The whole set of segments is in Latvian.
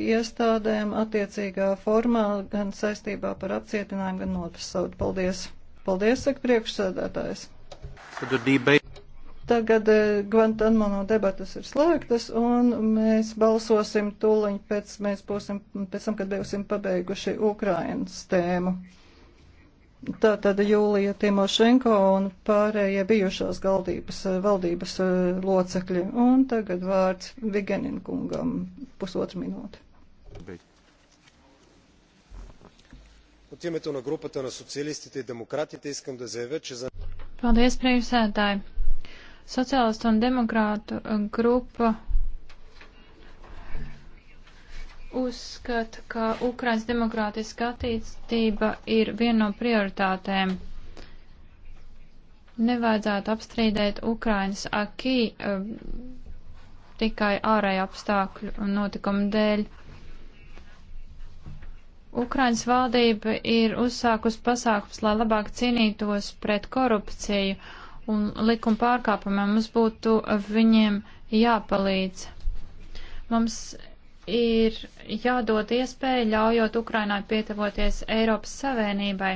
iestādēm attiecīgā formā, gan saistībā par apcietinājumu, gan noprasaudu. Paldies! Paldies, saka priekšsēdētājs! Tagad eh, Gvantanamo no debatas ir slēgtas, un mēs balsosim tūliņ pēc, mēs būsim, pēc tam, kad būsim pabeiguši Ukrainas tēmu. Tātad Jūlija Timošenko un pārējie bijušās galdības, eh, valdības eh, locekļi. Un tagad vārds Vigenin kungam pusotru minūti. От името на групата на социалистите и демократите искам да заявя, че за... Paldies, priekšsētāji! Sociālistu un demokrātu grupa э, uzskata, ka Ukrainas demokrātiska attīstība ir viena no prioritātēm. Nevajadzētu apstrīdēt Ukrainas akī eh, tikai ārēja apstākļu un notikumu dēļ. Ukrainas valdība ir uzsākus pasākums, lai labāk cīnītos pret korupciju un likuma pārkāpumiem. Mums būtu viņiem jāpalīdz. Mums ir jādod iespēja ļaujot Ukrainai pietavoties Eiropas Savienībai.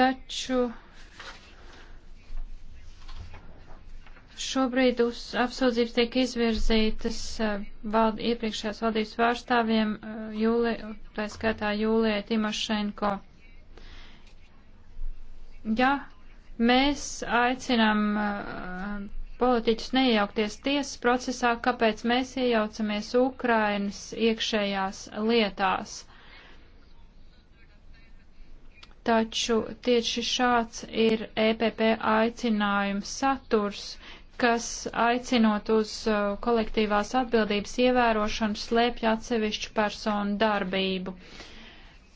Taču šobrīd uz apsūdzības tiek izvirzītas eh, vald, iepriekšējās valdības pārstāvjiem, eh, jūli, tā skaitā Jūlija Timošenko. Ja mēs aicinām uh, politiķus neiejaukties tiesas procesā, kāpēc mēs iejaucamies Ukrainas iekšējās lietās. Taču tieši šāds ir EPP aicinājums saturs, kas aicinot uz uh, kolektīvās atbildības ievērošanu slēpj atsevišķu personu darbību. Uh,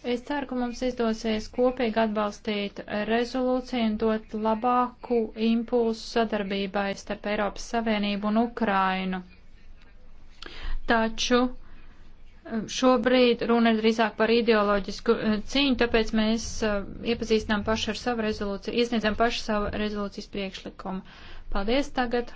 Es ceru, ka mums izdosies kopīgi atbalstīt rezolūciju un dot labāku impulsu sadarbībai starp Eiropas Savienību un Ukrainu. Taču eh, šobrīd runa ir drīzāk par ideoloģisku eh, cīņu, tāpēc mēs eh, iepazīstinām paši ar savu rezolūciju, iesniedzam paši savu rezolūcijas priekšlikumu. Paldies tagad!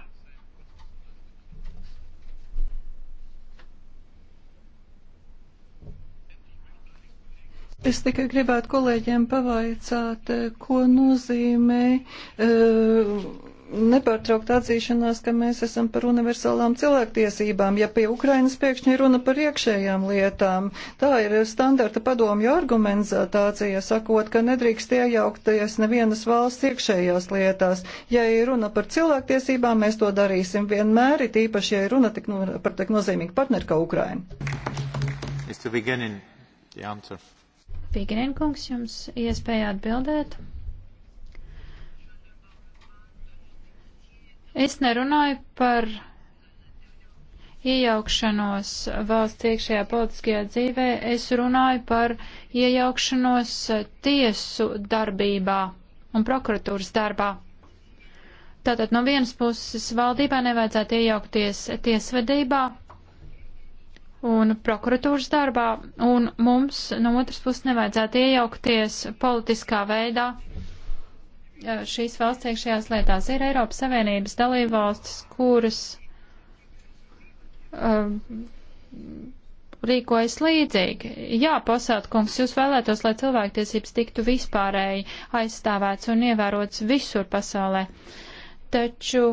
Es tikai gribētu kolēģiem pavaicāt, ko nozīmē uh, e, nepārtraukta atzīšanās, ka mēs esam par universālām cilvēktiesībām, ja pie Ukrainas pēkšņi runa par iekšējām lietām. Tā ir standarta padomju argumentācija, sakot, ka nedrīkst iejaukties nevienas valsts iekšējās lietās. Ja ir runa par cilvēktiesībām, mēs to darīsim vienmēr, it īpaši, ja ir runa tik, nu, par tik nozīmīgu partneru kā Ukraina. Figrinkungs, jums iespēja atbildēt. Es nerunāju par iejaukšanos valsts iekšējā politiskajā dzīvē, es runāju par iejaukšanos tiesu darbībā un prokuratūras darbā. Tātad no vienas puses valdībā nevajadzētu iejaukties tiesvedībā, un prokuratūras darbā, un mums no otras puses nevajadzētu iejaukties politiskā veidā šīs valsts iekšējās lietās. Ir Eiropas Savienības dalībvalstis, kuras um, rīkojas līdzīgi. Jā, posētkungs, jūs vēlētos, lai cilvēktiesības tiktu vispārēji aizstāvēts un ievērots visur pasaulē. Taču,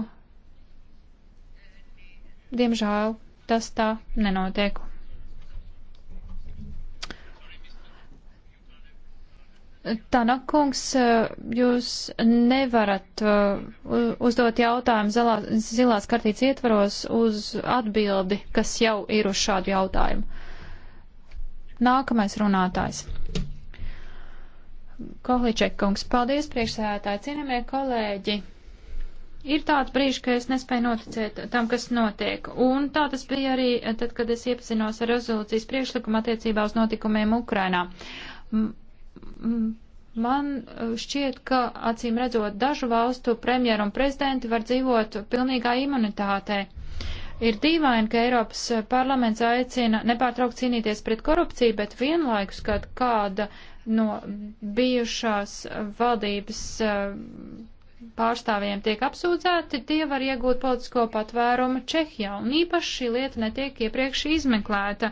diemžēl, tas tā nenotiek. Tanakungs, jūs nevarat uh, uzdot jautājumu zilā, zilās kartītes ietvaros uz atbildi, kas jau ir uz šādu jautājumu. Nākamais runātājs. Kohličekungs, paldies priekšsēdētāji, cienījamie kolēģi. Ir tāds brīži, ka es nespēju noticēt tam, kas notiek. Un tā tas bija arī tad, kad es iepazinos ar rezolūcijas priekšlikumu attiecībā uz notikumiem Ukrainā. Man uh, šķiet, ka acīm redzot dažu valstu premjeru un prezidenti var dzīvot pilnīgā imunitātē. Ir dīvaini, ka Eiropas parlaments aicina nepārtraukt cīnīties pret korupciju, bet vienlaikus, kad kāda no bijušās valdības uh, pārstāvjiem tiek apsūdzēti, tie var iegūt politisko patvērumu Čehijā, un īpaši šī lieta netiek iepriekš izmeklēta.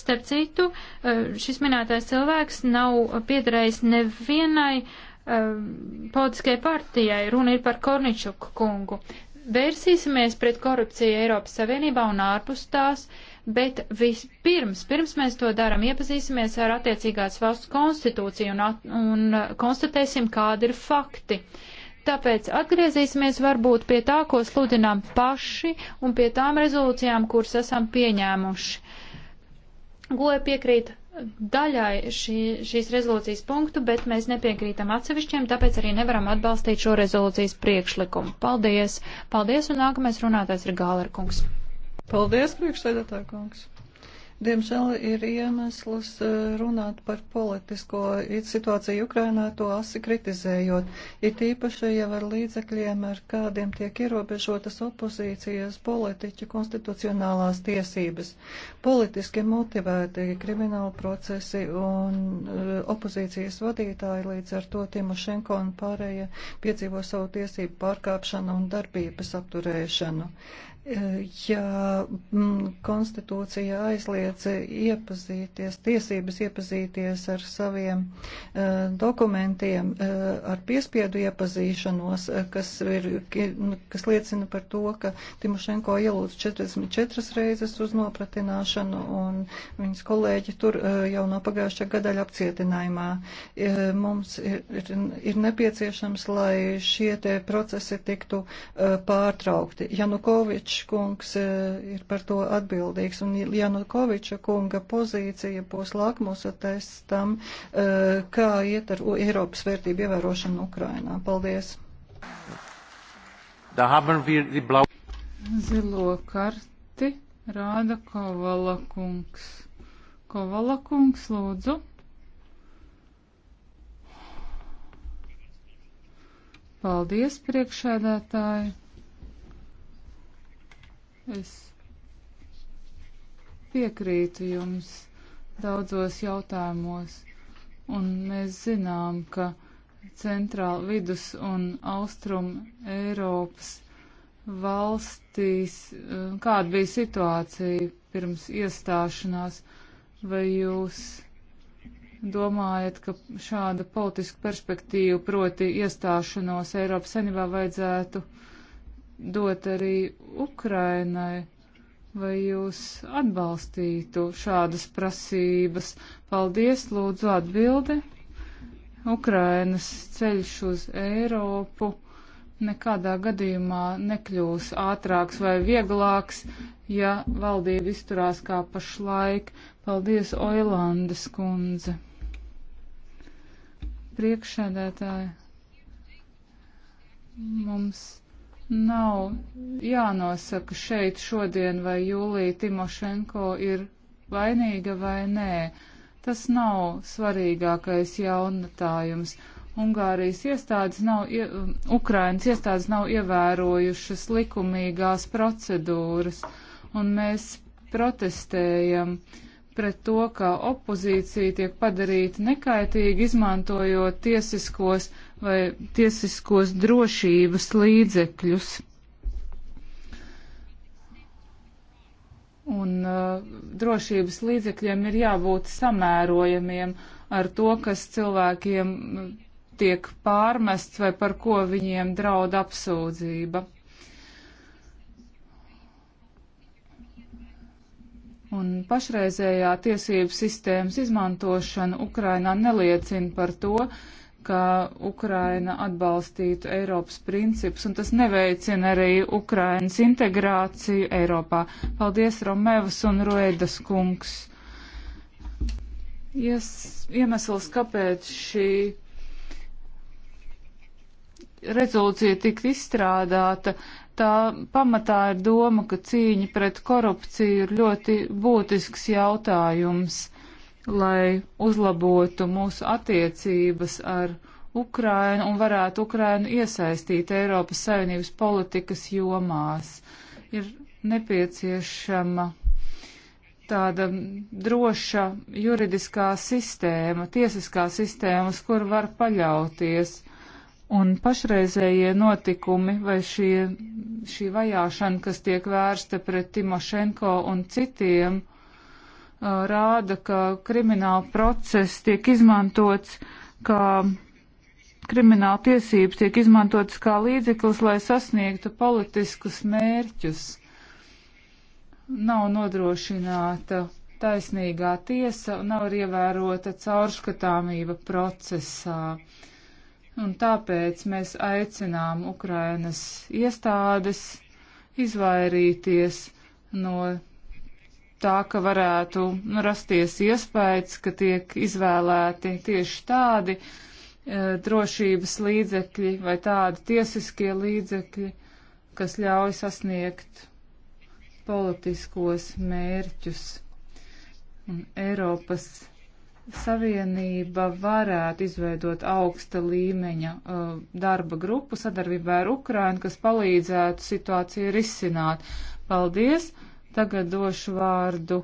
Starp citu, eh, šis minētais cilvēks nav piederējis nevienai eh, politiskajai partijai, runa ir par Korničuku kungu. Vērsīsimies pret korupciju Eiropas Savienībā un ārpus tās, bet vispirms, pirms mēs to darām, iepazīsimies ar attiecīgās valsts konstitūciju un, at, un eh, konstatēsim, kādi ir fakti. Uh, Tāpēc atgriezīsimies varbūt pie tā, ko sludinām paši un pie tām rezolūcijām, kuras esam pieņēmuši. Goja piekrīt daļai šī, šīs rezolūcijas punktu, bet mēs nepiekrītam atsevišķiem, tāpēc arī nevaram atbalstīt šo rezolūcijas priekšlikumu. Paldies! Paldies, un nākamais runātais ir Gālerkungs. Paldies, priekšsēdētāja kungs! Diemžēl ir iemesls eh, runāt par politisko situāciju Ukrainā, to asi kritizējot. Ir tīpaši jau ar līdzekļiem, ar kādiem tiek ierobežotas opozīcijas politiķu konstitucionālās tiesības. Politiski motivēti krimināla procesi un eh, opozīcijas vadītāji līdz ar to Timošenko un pārējie piedzīvo savu tiesību pārkāpšanu un darbības apturēšanu ja mm, konstitūcija aizliedz iepazīties, tiesības iepazīties ar saviem eh, dokumentiem, eh, ar piespiedu iepazīšanos, eh, kas, ir, nu, kas liecina par to, ka Timošenko ielūdz 44 reizes uz nopratināšanu un viņas kolēģi tur jau no pagājušā gada apcietinājumā. Mums ir, ir, ir nepieciešams, lai šie procesi tiktu pārtraukti. Janukovičs Janukovičs kungs eh, ir par to atbildīgs, un Janukoviča kunga pozīcija būs lakmusa testam, eh, kā iet ar Eiropas vērtību ievērošanu Ukrainā. Paldies! Zilo karti rāda Kovala kungs. Kovala kungs, lūdzu. Paldies, priekšēdētāji! Es piekrītu jums daudzos jautājumos, un mēs zinām, ka centrāla vidus un austrum Eiropas valstīs, eh, kāda bija situācija pirms iestāšanās, vai jūs domājat, ka šāda politiska perspektīva, proti iestāšanos Eiropas saimnībā vajadzētu uh, dot arī Ukrainai, vai jūs atbalstītu šādas prasības? Paldies, lūdzu atbildi. Ukrainas ceļš uz Eiropu nekādā gadījumā nekļūs ātrāks vai vieglāks, ja valdība izturās kā pašlaik. Paldies, Oilandes kundze. Priekšsēdētāji, mums Nav jānosaka šeit šodien vai jūlī Timošenko ir vainīga vai nē. Tas nav svarīgākais jaunatājums. Ungārijas iestādes nav, um, Ukrainas iestādes nav ievērojušas likumīgās procedūras, un mēs protestējam pret to, ka opozīcija tiek padarīta nekaitīgi, izmantojot tiesiskos vai tiesiskos drošības līdzekļus. Un uh, drošības līdzekļiem ir jābūt samērojamiem ar to, kas cilvēkiem uh, tiek pārmests vai par ko viņiem draud apsūdzība. Un pašreizējā tiesību sistēmas izmantošana Ukrainā neliecina par to, ka Ukraina atbalstītu Eiropas principus, un tas neveicina arī Ukrainas integrāciju Eiropā. Paldies, Romevas un Roedas kungs. Ies, iemesls, kāpēc šī rezolūcija tika izstrādāta, tā pamatā ir doma, ka cīņa pret korupciju ir ļoti būtisks jautājums lai uzlabotu mūsu attiecības ar Ukrainu un varētu Ukrainu iesaistīt Eiropas Savienības politikas jomās. Ir nepieciešama tāda droša juridiskā sistēma, tiesiskā sistēma, uz kur var paļauties. Un pašreizējie notikumi vai šie, šī vajāšana, kas tiek vērsta pret Timošenko un citiem, uh, rāda, ka krimināla process tiek izmantots kā krimināla tiesības tiek izmantotas kā līdzeklis, lai sasniegtu politiskus mērķus. Nav nodrošināta taisnīgā tiesa un nav arī ievērota caurskatāmība procesā. Un tāpēc mēs aicinām Ukrainas iestādes izvairīties no tā, ka varētu nu, rasties iespējas, ka tiek izvēlēti tieši tādi e, drošības līdzekļi vai tādi tiesiskie līdzekļi, kas ļauj sasniegt politiskos mērķus. Un Eiropas Savienība varētu izveidot augsta līmeņa e, darba grupu sadarbībā ar Ukrainu, kas palīdzētu situāciju risināt. Paldies! Tagad došu vārdu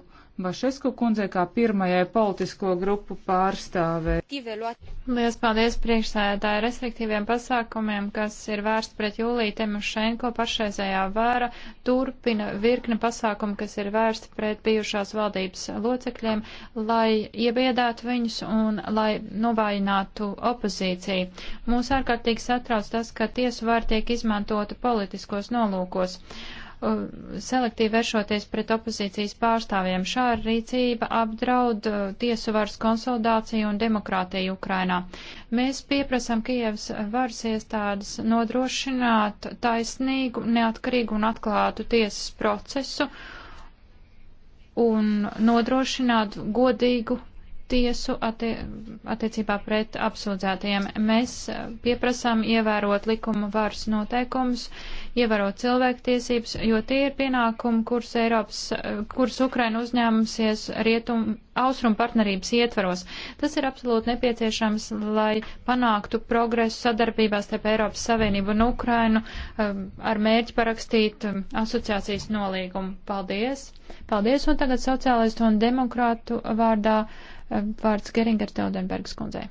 Bašesku kundzei kā pirmajai politisko grupu pārstāvē. Lielas paldies priekšsēdētāji restriktīviem pasākumiem, kas ir vērsts pret Jūliju Temušenko pašreizējā vāra, turpina virkni pasākumu, kas ir vērsti pret bijušās valdības locekļiem, lai iebiedētu viņus un lai novājinātu opozīciju. Mūs ārkārtīgi satrauc tas, ka tiesu var tiek izmantota politiskos nolūkos. Uh, selektīvi vēršoties pret opozīcijas pārstāvjiem. Šāda rīcība apdraud uh, tiesu varas konsolidāciju un demokrātiju Ukrainā. Mēs pieprasam Kievas varas iestādes nodrošināt taisnīgu, neatkarīgu un atklātu tiesas procesu un nodrošināt godīgu tiesu attie attiecībā pret apsūdzētajiem. Mēs uh, pieprasām ievērot likuma varas noteikumus, uh, ievērot cilvēktiesības, jo tie ir pienākumi, kurus Eiropas, kurus Ukraina uzņēmusies rietum, austrumu partnerības ietvaros. Tas ir absolūti nepieciešams, lai panāktu progresu sadarbībās starp Eiropas Savienību un Ukrainu um, ar mērķi parakstīt um, asociācijas nolīgumu. Paldies! Paldies! Un tagad sociālistu un demokrātu vārdā um, vārds Geringer Teudenbergs kundzei.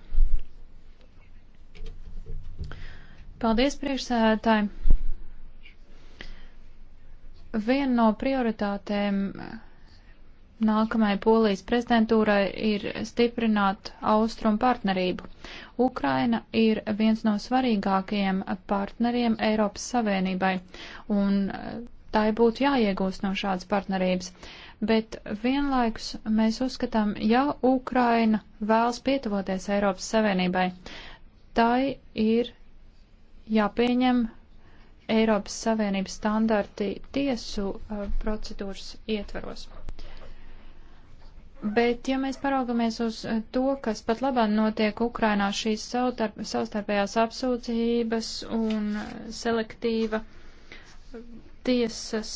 Paldies, priekšsēdētāji! Viena no prioritātēm eh, nākamajai polijas prezidentūrai ir stiprināt austrumu partnerību. Ukraina ir viens no svarīgākajiem partneriem Eiropas Savienībai, un eh, tai būtu jāiegūst no šādas partnerības. Bet vienlaikus mēs uzskatām, ja Ukraina vēlas pietuvoties Eiropas Savienībai, tai ir jāpieņem Eiropas Savienības standarti tiesu uh, procedūras ietvaros. Bet, ja mēs paraugamies uz uh, to, kas pat labāk notiek Ukrainā, šīs savstarpējās apsūdzības un uh, selektīva uh, tiesas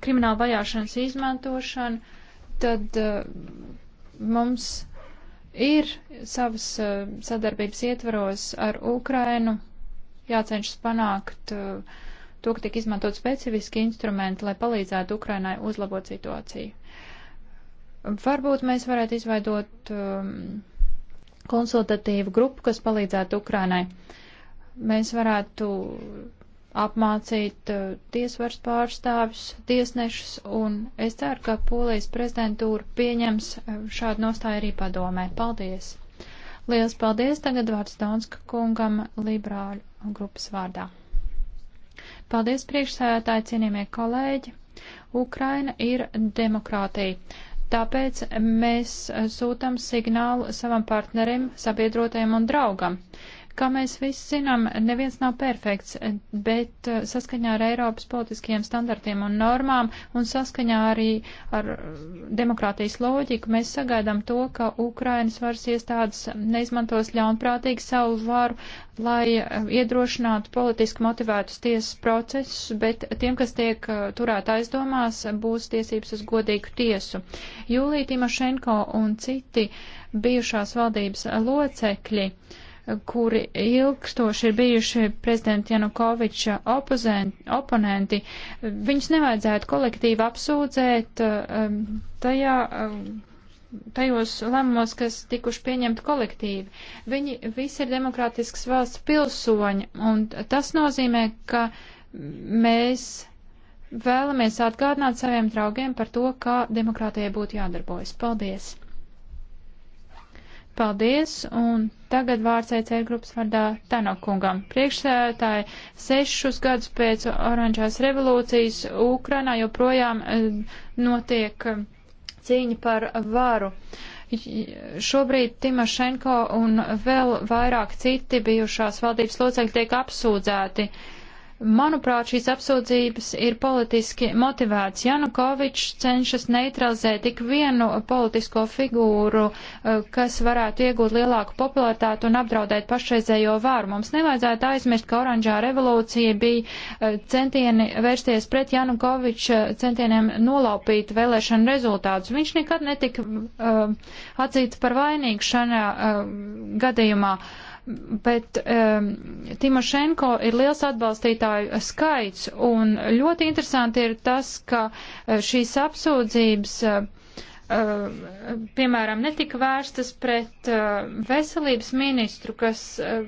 krimināla vajāšanas izmantošana, tad mums ir savas sadarbības ietvaros ar Ukrainu jācenšas panākt uh, to, ka tiek izmantot specifiski instrumenti, lai palīdzētu Ukrainai uzlabot situāciju. Varbūt mēs varētu izveidot um, konsultatīvu grupu, kas palīdzētu Ukrainai. Mēs varētu apmācīt uh, tiesvars pārstāvis, tiesnešus, un es ceru, ka Polijas prezidentūra pieņems uh, šādu nostāju arī padomē. Paldies! Liels paldies tagad vārds Donska kungam, liberāļu grupas vārdā. Paldies priekšsēdētāji, cienījamie kolēģi. Ukraina ir demokrātija. Tāpēc mēs sūtam signālu savam partnerim, sabiedrotajam un draugam. Kā mēs visi zinām, neviens nav perfekts, bet eh, saskaņā ar Eiropas politiskajiem standartiem un normām un saskaņā arī ar eh, demokrātijas loģiku mēs sagaidām to, ka Ukrainas varas iestādes neizmantos ļaunprātīgi savu varu, lai eh, iedrošinātu politiski motivētus tiesas procesus, bet tiem, kas tiek turēt aizdomās, būs tiesības uz godīgu tiesu. Jūlija Timošenko un citi bijušās valdības locekļi. Uh, kuri ilgstoši ir bijuši prezidenta Janukoviča opozent, oponenti, viņus nevajadzētu kolektīvi apsūdzēt um, tajā, um, tajos lēmumos, kas tikuši pieņemti kolektīvi. Viņi visi ir demokrātisks valsts pilsoņi, un tas nozīmē, ka mēs vēlamies atgādināt saviem draugiem par to, kā demokrātijai būtu jādarbojas. Paldies! Paldies, un tagad vārds ECR grupas vārdā Tanokungam. Priekšsētāji sešus gadus pēc oranžās revolūcijas Ukrainā joprojām eh, notiek eh, cīņa par varu. Šobrīd Timošenko un vēl vairāk citi bijušās valdības locekļi tiek apsūdzēti. Uh, Manuprāt, šīs apsūdzības ir politiski motivēts. Janukovičs cenšas neutralizēt tik vienu politisko figūru, eh, kas varētu iegūt lielāku popularitātu un apdraudēt pašreizējo vāru. Mums nevajadzētu aizmirst, ka oranžā revolūcija bija eh, centieni vērsties pret Janukoviča eh, centieniem nolaupīt vēlēšanu rezultātus. Viņš nekad netika uh, atzīts par vainīgu šajā uh, gadījumā. Uh, bet um, Timošenko ir liels atbalstītāju skaits, un ļoti interesanti ir tas, ka uh, šīs apsūdzības. Uh, uh, piemēram, netika vērstas pret uh, veselības ministru, kas uh,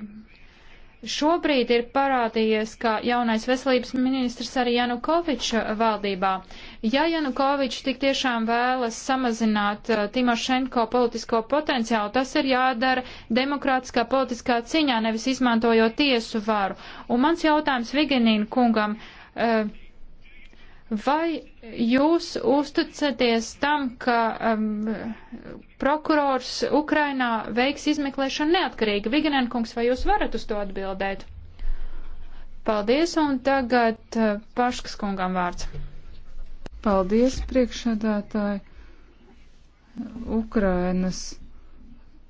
Šobrīd ir parādījies, ka jaunais veselības ministrs arī Janukoviča valdībā. Ja Janukovičs tik tiešām vēlas samazināt uh, Timošenko politisko potenciālu, tas ir jādara demokrātiskā politiskā ciņā, nevis izmantojot tiesu varu. Un mans jautājums Vigenīna kungam. Uh, Vai jūs uzticaties tam, ka um, prokurors Ukrainā veiks izmeklēšanu neatkarīgi? Vigenenkungs, vai jūs varat uz to atbildēt? Paldies, un tagad uh, Paškas kungam vārds. Paldies, priekšsēdētāji. Ukrainas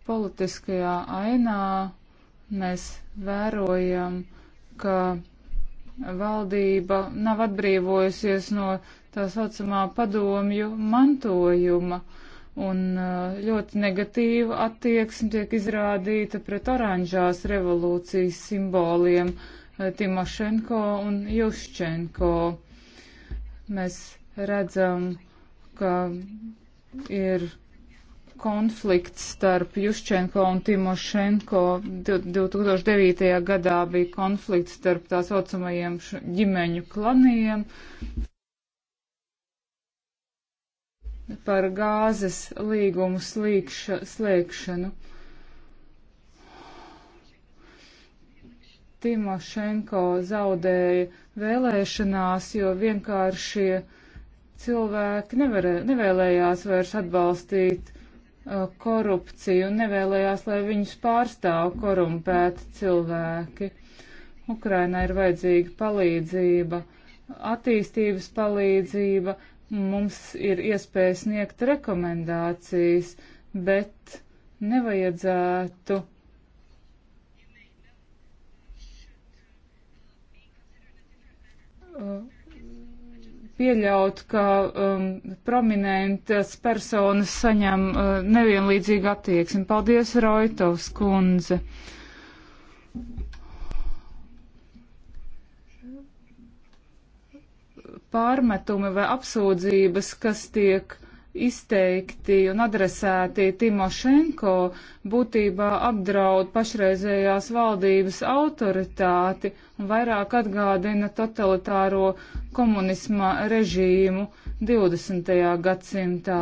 politiskajā ainā mēs vērojam, ka valdība nav atbrīvojusies no tā saucamā padomju mantojuma, un uh, ļoti negatīva attieksme tiek izrādīta pret oranžās revolūcijas simboliem uh, Timošenko un Juščenko. Mēs redzam, ka ir konflikts starp Juščenko un Timošenko. 2009. gadā bija konflikts starp tā saucamajiem ģimeņu klaniem par gāzes līgumu slīkša, slēgšanu. Timošenko zaudēja vēlēšanās, jo vienkārši cilvēki nevarē, nevēlējās vairs atbalstīt Uh, korupciju un nevēlējās, lai viņus pārstāv korumpēti cilvēki. Ukrainā ir vajadzīga palīdzība, attīstības palīdzība, mums ir iespēja sniegt rekomendācijas, bet nevajadzētu. Uh, pieļaut, ka um, prominentas personas saņem uh, nevienlīdzīgu attieksmi. Paldies, Roitovs kundze. Pārmetumi vai apsūdzības, kas tiek izteikti un adresēti Timošenko būtībā apdraud pašreizējās valdības autoritāti un vairāk atgādina totalitāro komunisma režīmu 20. gadsimtā.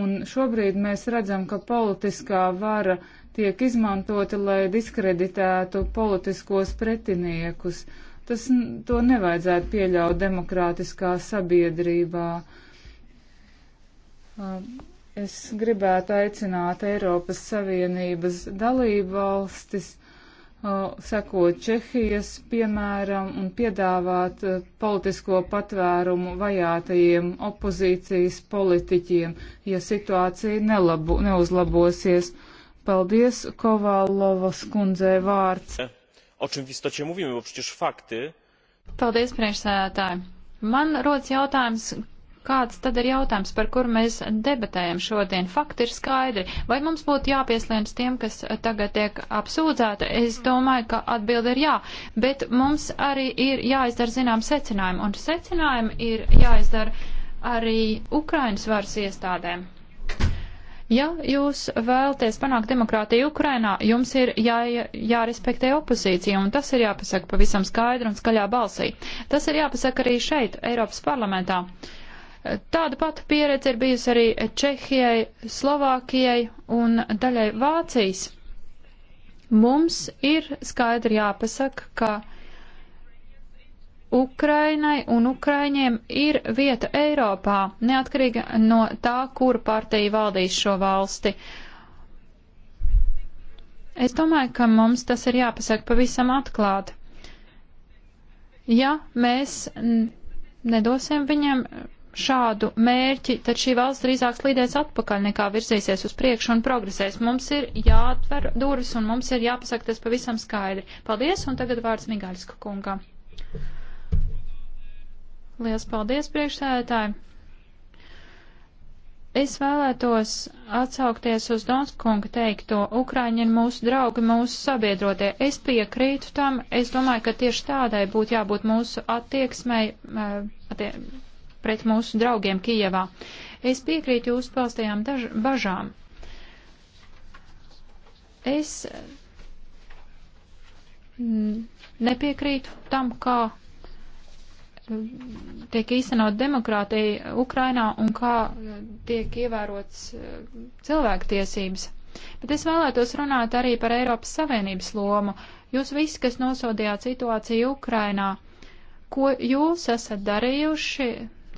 Un šobrīd mēs redzam, ka politiskā vara tiek izmantota, lai diskreditētu politiskos pretiniekus Tas, to nevajadzētu pieļaut demokrātiskā sabiedrībā. Es gribētu aicināt Eiropas Savienības dalību valstis sekot Čehijas piemēram un piedāvāt politisko patvērumu vajātajiem opozīcijas politiķiem, ja situācija nelabu, neuzlabosies. Paldies, Kovalovas kundzei vārds. Ja o czym w istocie mówimy, jo przecież fakty. Paldies, priekšsēdētāji. Man rodas jautājums, kāds tad ir jautājums, par kur mēs debatējam šodien? Fakti ir skaidri. Vai mums būtu jāpieslēdz tiem, kas tagad tiek apsūdzēti? Es domāju, ka atbilde ir jā, bet mums arī ir jāizdara zinām secinājumi, un secinājumi ir jāizdara arī Ukrainas varas iestādēm. Ja jūs vēlties panākt demokrātiju Ukrainā, jums ir jā, jārespektē opozīcija, un tas ir jāpasaka pavisam skaidri un skaļā balsī. Tas ir jāpasaka arī šeit, Eiropas parlamentā. Tāda pati pieredze ir bijusi arī Čehijai, Slovākijai un daļai Vācijas. Mums ir skaidri jāpasaka, ka Ukrainai un Ukraiņiem ir vieta Eiropā, neatkarīgi no tā, kura partija valdīs šo valsti. Es domāju, ka mums tas ir jāpasaka pavisam atklāti. Ja mēs nedosim viņam šādu mērķi, tad šī valsts drīzāk slīdēs atpakaļ nekā virzīsies uz priekšu un progresēs. Mums ir jāatver durvis un mums ir jāpasaka tas pavisam skaidri. Paldies, un tagad vārds Migāļska kungam. Lielas paldies, priekšsēdētāji! Es vēlētos atsaukties uz Donskunga teikto, Ukraiņi ir mūsu draugi, mūsu sabiedrotie. Es piekrītu tam, es domāju, ka tieši tādai būtu jābūt mūsu attieksmei eh, attie, pret mūsu draugiem Kijevā. Es piekrītu jūsu paustajām bažām. Es nepiekrītu tam, kā tiek īstenot demokrātija Ukrainā un kā tiek ievērots eh, cilvēktiesības. Bet es vēlētos runāt arī par Eiropas Savienības lomu. Jūs visi, kas nosodījāt situāciju Ukrainā, ko jūs esat darījuši,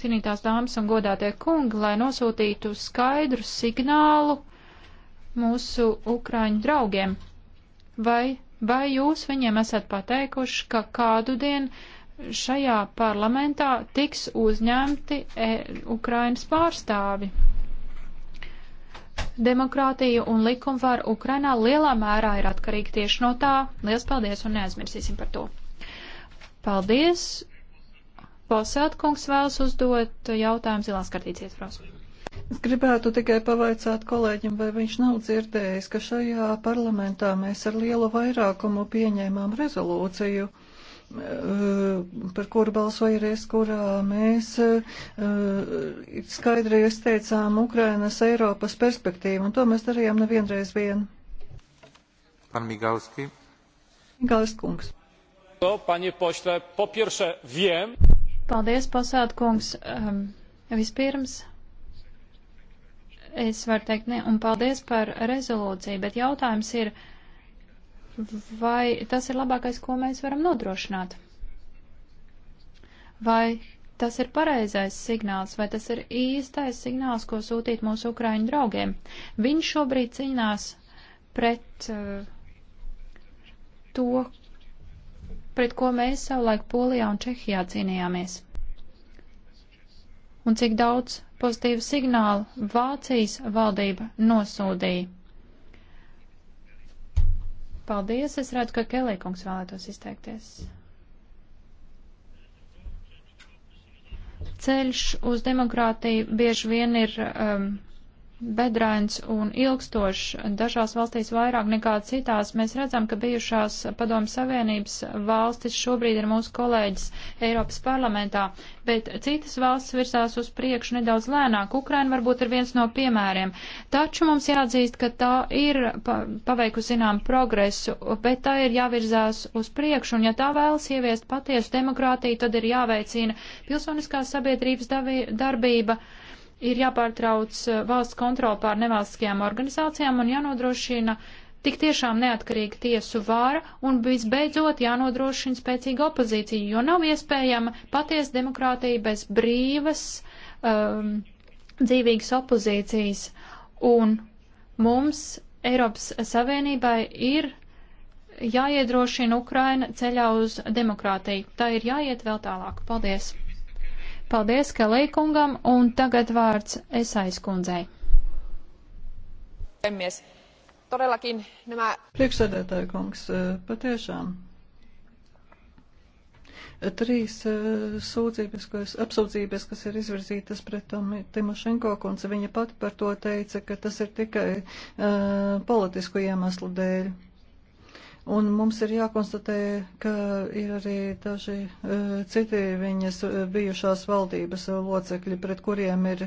cienītās dāmas un godātie kungi, lai nosūtītu skaidru signālu mūsu Ukraiņu draugiem? Vai, vai jūs viņiem esat pateikuši, ka kādu dienu šajā parlamentā tiks uzņemti e, Ukrainas pārstāvi. Demokrātija un likumvara Ukrainā lielā mērā ir atkarīga tieši no tā. Lielas paldies un neaizmirsīsim par to. Paldies. Posētkungs vēlas uzdot jautājumu zilās kartīts ietvaros. Es gribētu tikai pavaicāt kolēģim, vai viņš nav dzirdējis, ka šajā parlamentā mēs ar lielu vairākumu pieņēmām rezolūciju Eh, par kuru balsoja reiz, kurā mēs eh, skaidri izteicām Ukrainas Eiropas perspektīvu, un to mēs darījām nevienreiz vien. Pan Migalski. Migalski kungs. Panie pošle, po pierwsze wiem. Paldies, Pasāda kungs. Um, vispirms es varu teikt, ne, un paldies par rezolūciju, bet jautājums ir, uh, vai tas ir labākais, ko mēs varam nodrošināt? Vai tas ir pareizais signāls, vai tas ir īstais signāls, ko sūtīt mūsu ukraiņu draugiem? Viņš šobrīd cīnās pret uh, to, pret ko mēs savulaik Polijā un Čehijā cīnījāmies. Un cik daudz pozitīvu signālu Vācijas valdība nosūdīja Paldies, es redzu, ka Kelīkungs vēlētos izteikties. Ceļš uz demokrātiju bieži vien ir um, bedrains un ilgstošs dažās valstīs vairāk nekā citās. Mēs redzam, ka bijušās padomu savienības valstis šobrīd ir mūsu kolēģis Eiropas parlamentā, bet citas valstis virsās uz priekšu nedaudz lēnāk. Ukraina varbūt ir viens no piemēriem. Taču mums jāatzīst, ka tā ir paveikusi zinām progresu, bet tā ir jāvirzās uz priekšu, un ja tā vēlas ieviest patiesu demokrātiju, tad ir jāveicina pilsoniskās sabiedrības darbība ir jāpārtrauc eh, valsts kontrola pār nevalstiskajām organizācijām un jānodrošina tik tiešām neatkarīga tiesu vāra un visbeidzot jānodrošina spēcīga opozīcija, jo nav iespējama patiesa demokrātija bez brīvas, um, dzīvīgas opozīcijas. Un mums Eiropas Savienībai ir jāiedrošina Ukraina ceļā uz demokrātiju. Tā ir jāiet vēl tālāk. Paldies! Paldies Kalīkungam un tagad vārds Esais kundzei. Todellakin nämä... Priekšsēdētāja kungs, eh, patiešām trīs uh, sūdzības, kas, apsūdzības, kas ir izvirzītas pret Timošenko kundzi. Viņa pati par to teica, ka tas ir tikai uh, politisku iemeslu dēļ. Un mums ir jākonstatē, ka ir arī daži uh, citi viņas e, bijušās valdības locekļi, pret kuriem ir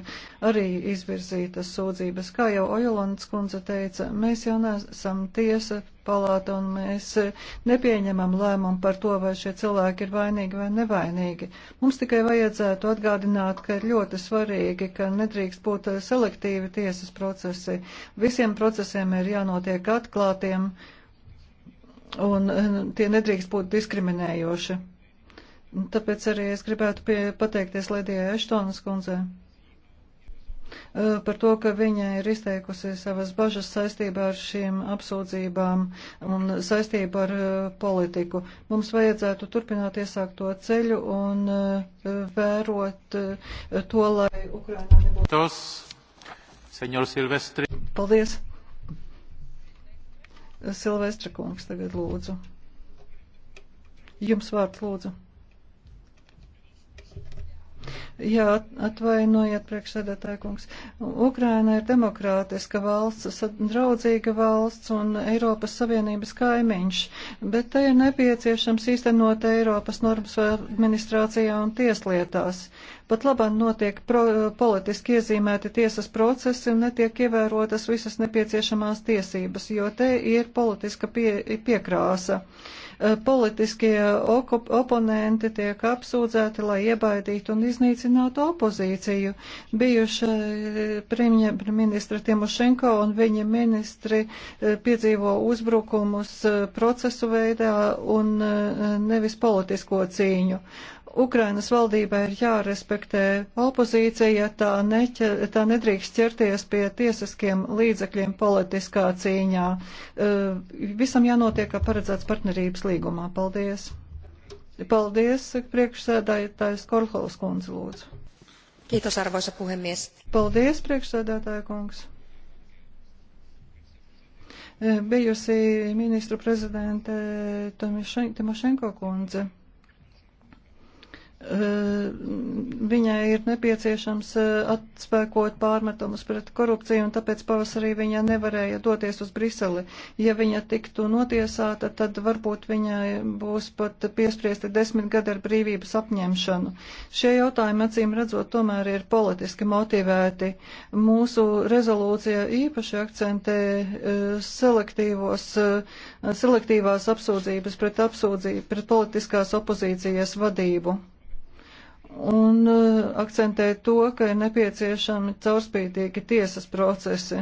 arī izvirzītas sūdzības. Kā jau Ojolants kundze teica, mēs jau nesam tiesa palāta un mēs e, nepieņemam lēmumu par to, vai šie cilvēki ir vainīgi vai nevainīgi. Mums tikai vajadzētu atgādināt, ka ir ļoti svarīgi, ka nedrīkst būt selektīvi tiesas procesi. Visiem procesiem ir jānotiek atklātiem un eh, tie nedrīkst būt diskriminējoši. Tāpēc arī es gribētu pie, pateikties Lidijai Eštonas kundzei eh, par to, ka viņa ir izteikusi savas bažas saistībā ar šīm apsūdzībām un saistībā ar eh, politiku. Mums vajadzētu turpināt iesākt to ceļu un vērot to, lai Ukrainā nebūtu. Tos, senjor Silvestri. Paldies. Silvestra kungs tagad lūdzu. Jums vārds lūdzu. Jā, atvainojiet, priekšsēdētāja kungs. Ukraina ir demokrātiska valsts, draudzīga valsts un Eiropas Savienības kaimiņš, bet te ir nepieciešams īstenot Eiropas normas administrācijā un tieslietās. Pat labāk notiek pro, politiski iezīmēti tiesas procesi un netiek ievērotas visas nepieciešamās tiesības, jo te ir politiska pie, piekrāsa. Uh, Eh, politiskie oponenti tiek apsūdzēti, lai iebaidītu un iznīcinātu opozīciju. Bijuši eh, premjerministra Timošenko un viņa ministri eh, piedzīvo uzbrukumus procesu veidā un nevis politisko cīņu. Ukrainas valdībai ir jārespektē opozīcija, tā, neķer, tā nedrīkst ķerties pie tiesiskiem līdzekļiem politiskā cīņā. E, visam jānotiek, kā paredzēts partnerības līgumā. Paldies! Paldies, priekšsēdētājs Korholas kundze, lūdzu. Kītos, arvoisa puhemies. Paldies, priekšsēdētāja kungs e, bijusi ministru prezidente Timošenko kundze. Eh, viņai ir nepieciešams eh, atspēkot pārmetumus pret korupciju, un tāpēc pavasarī viņa nevarēja doties uz Briseli. Ja viņa tiktu notiesāta, tad varbūt viņai būs pat piespriesti desmit gadi ar brīvības apņemšanu. Šie jautājumi, acīm redzot, tomēr ir politiski motivēti. Mūsu rezolūcija īpaši akcentē eh, selektīvos, selektīvās apsūdzības pret, apsūdzību, pret politiskās opozīcijas vadību un e, akcentē to, ka ir nepieciešami caurspīdīgi tiesas procesi.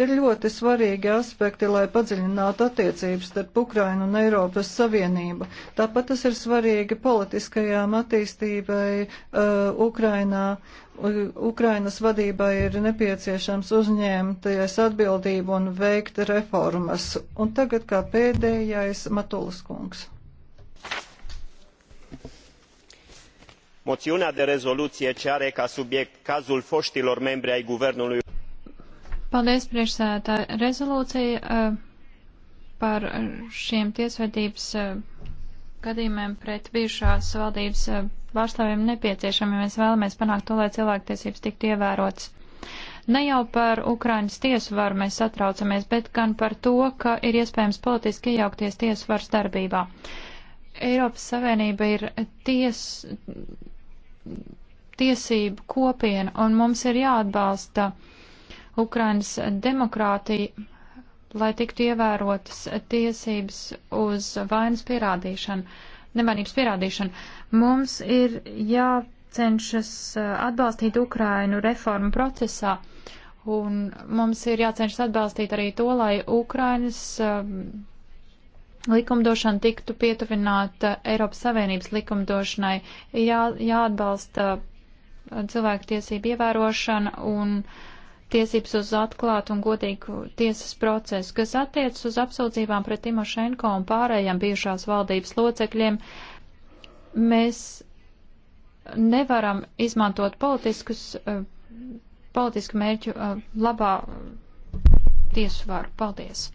Tie ir ļoti svarīgi aspekti, lai padziļinātu attiecības starp Ukrainu un Eiropas Savienību. Tāpat tas ir svarīgi politiskajām attīstībai uh, Ukrainā. Ukrainas vadībai ir nepieciešams uzņemties atbildību un veikt reformas. Un tagad kā pēdējais Matulas kungs. moiunea de rezoluie ce are ca subiect cazul fotilor membri ai guvernului Paldies, priekšsēdētāji. Rezolūcija eh, par šiem tiesvedības eh, gadījumiem pret bijušās valdības eh, pārstāvjiem nepieciešami, ja mēs vēlamies panākt to, lai cilvēktiesības tiktu ievērotas. Ne jau par Ukraiņas tiesu varu mēs satraucamies, bet gan par to, ka ir iespējams politiski iejaukties tiesu varas darbībā. Eiropas Savienība ir ties, tiesību kopiena, un mums ir jāatbalsta Ukrainas demokrātija, lai tiktu ievērotas tiesības uz vainas pierādīšanu, nevainības pierādīšanu. Mums ir jācenšas uh, atbalstīt Ukrainu reformu procesā, un mums ir jācenšas atbalstīt arī to, lai Ukrainas um, likumdošana tiktu pietuvināta Eiropas Savienības likumdošanai, jā, jāatbalsta uh, cilvēku tiesību ievērošana un tiesības uz atklātu un godīgu tiesas procesu, kas attiecas uz apsūdzībām pret Timošenko un pārējiem bijušās valdības locekļiem. Mēs nevaram izmantot politiskus, uh, politisku mērķu uh, labā tiesu varu. Paldies!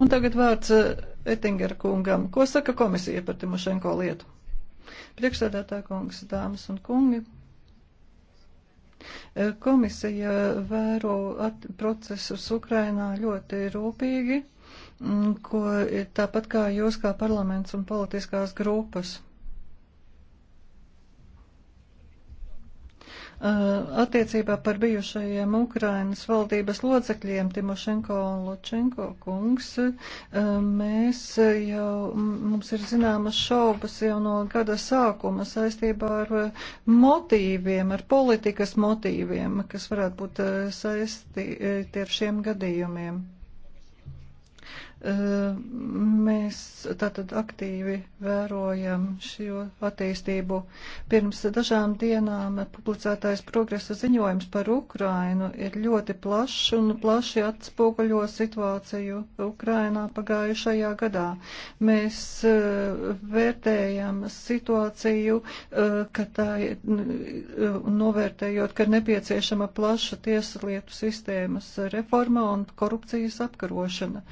Un tagad vārds eh, Ettinger kungam. Ko saka komisija par Timošenko lietu? Priekšsēdētā kungs, dāmas un kungi. Eh, komisija vēro procesus Ukrainā ļoti rūpīgi, mm, ko eh, tāpat kā jūs kā parlaments un politiskās grupas. Uh, attiecībā par bijušajiem Ukrainas valdības locekļiem Timošenko un Lučenko kungs, uh, mēs jau, mums ir zināmas šaubas jau no gada sākuma saistībā ar uh, motīviem, ar politikas motīviem, kas varētu būt saistīti ar šiem gadījumiem. Ehm, mēs tātad aktīvi vērojam šo attīstību. Pirms dažām dienām publicētais progresa ziņojums par Ukrainu ir ļoti plašs un plaši atspoguļo situāciju Ukrainā pagājušajā gadā. Mēs eh, vērtējam situāciju, eh, ka tā eh, novērtējot, ka nepieciešama plaša tieslietu sistēmas reforma un korupcijas apkarošana.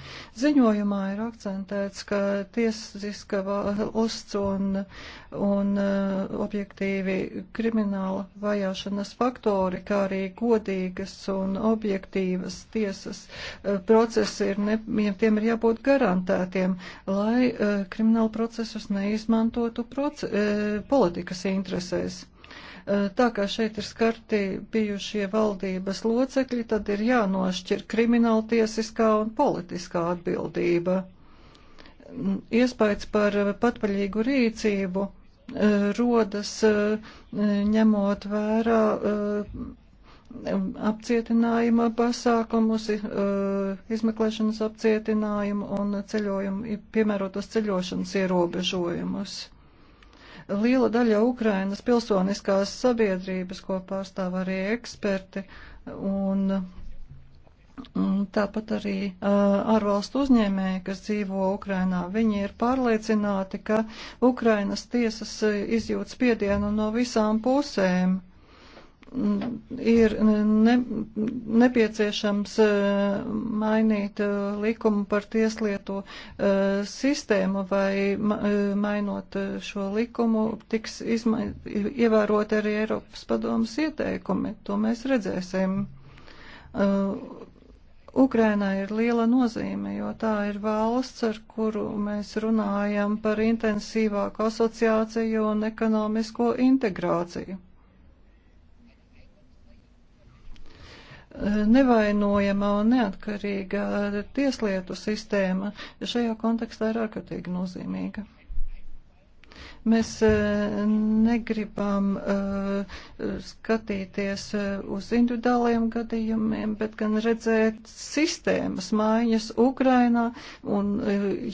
Ziņu Ziņojumā ir akcentēts, ka tiesiska valsts un, un uh, objektīvi krimināla vajāšanas faktori, kā arī godīgas un objektīvas tiesas uh, procesi, ir ne, tiem ir jābūt garantētiem, lai uh, krimināla procesus neizmantotu proce, politikas interesēs. Tā kā šeit ir skarti bijušie valdības locekļi, tad ir jānošķir krimināltiesiskā un politiskā atbildība. Iespējams par patvaļīgu rīcību rodas ņemot vērā apcietinājuma pasākumus, izmeklēšanas apcietinājumu un ceļojumu, piemērotos ceļošanas ierobežojumus. Liela daļa Ukrainas pilsoniskās sabiedrības, ko pārstāv arī eksperti, un Tāpat arī uh, ārvalstu uzņēmēji, kas dzīvo Ukrainā, viņi ir pārliecināti, ka Ukrainas tiesas izjūt spiedienu no visām pusēm ir ne, nepieciešams eh, mainīt eh, likumu par tieslietu eh, sistēmu vai mainot šo likumu tiks izma, ievērot arī Eiropas padomas ieteikumi. To mēs redzēsim. Ukrainā ir liela nozīme, jo tā ir valsts, ar kuru mēs runājam par intensīvāku asociāciju un ekonomisko integrāciju. nevainojama un neatkarīga tieslietu sistēma šajā kontekstā ir ārkārtīgi nozīmīga. Mēs eh, negribam eh, skatīties eh, uz individuāliem gadījumiem, bet gan redzēt sistēmas maiņas Ukrainā un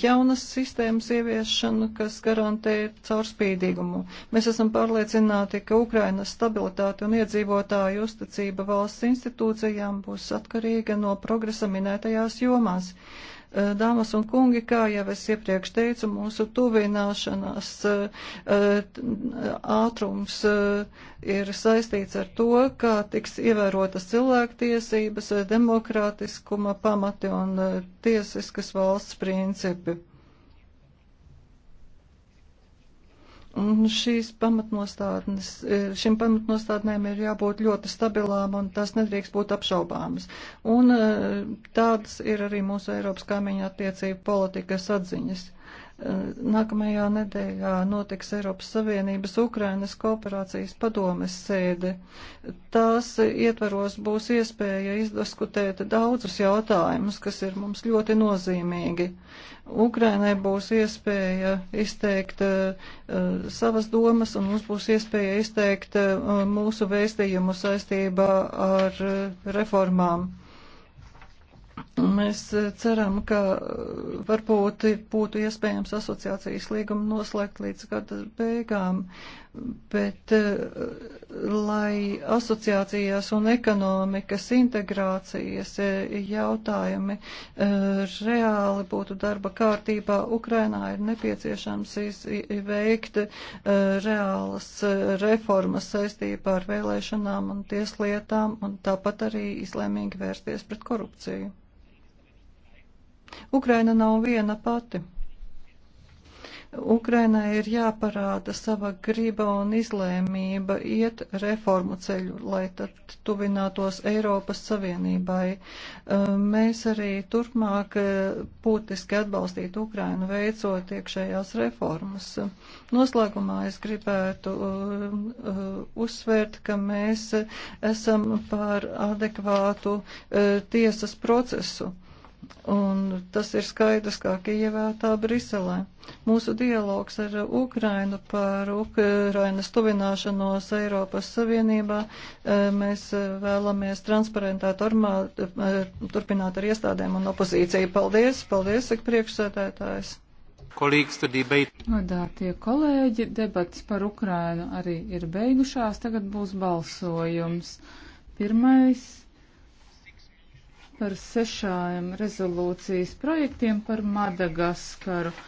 jaunas sistēmas ieviešanu, kas garantē caurspīdīgumu. Mēs esam pārliecināti, ka Ukrainas stabilitāte un iedzīvotāju uzticība valsts institūcijām būs atkarīga no progresa minētajās jomās. Eh, dāmas un kungi, kā jau es iepriekš teicu, mūsu tuvināšanās eh, ātrums eh, ir saistīts ar to, kā tiks ievērotas cilvēktiesības, demokrātiskuma pamati un tiesiskas valsts principi. Un šīs pamatnostādnes, e, šim pamatnostādnēm ir jābūt ļoti stabilām un tās nedrīkst būt apšaubāmas. Un e, tādas ir arī mūsu Eiropas kaimiņa attiecību politikas atziņas. Eh, nākamajā nedēļā notiks Eiropas Savienības Ukrainas kooperācijas padomes sēde. Tās ietvaros būs iespēja izdiskutēt daudzus jautājumus, kas ir mums ļoti nozīmīgi. Ukrainai būs iespēja izteikt uh, savas domas un mums būs iespēja izteikt uh, mūsu vēstījumu saistībā ar uh, reformām. Mēs e, ceram, ka e, varbūt būtu iespējams asociācijas līgumu noslēgt līdz gada beigām, bet e, lai asociācijas un ekonomikas integrācijas jautājumi reāli būtu darba kārtībā, Ukrainā ir nepieciešams veikt reālas reformas saistībā ar vēlēšanām un tieslietām un tāpat arī izlēmīgi vērsties pret korupciju. Ukraina nav viena pati. Ukrainai ir jāparāda sava griba un izlēmība iet reformu ceļu, lai tad tuvinātos Eiropas Savienībai. Mēs arī turpmāk būtiski atbalstītu Ukrainu veicot iekšējās reformas. Noslēgumā es gribētu uzsvērt, ka mēs esam par adekvātu tiesas procesu Un tas ir skaidrs kā Kijevā, tā Briselē. Mūsu dialogs ar Ukrainu par Ukrainas tuvināšanos Eiropas Savienībā. E, mēs vēlamies transparentā formā e, turpināt ar iestādēm un opozīciju. Paldies, paldies, saka priekšsēdētājs. Godātie nu, kolēģi, debats par Ukrainu arī ir beigušās, tagad būs balsojums. Pirmais par sešām rezolūcijas projektiem par Madagaskaru.